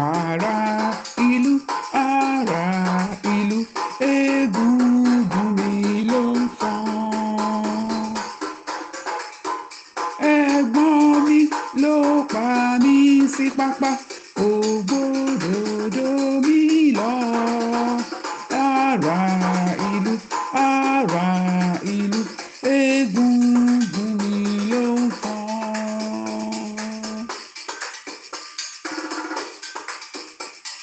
ara ìlú ara ìlú egungun mi ló ń fọn. ẹ̀gbọ́n mi ló pa mí sí pápá ògbódòdó mi lọ ara.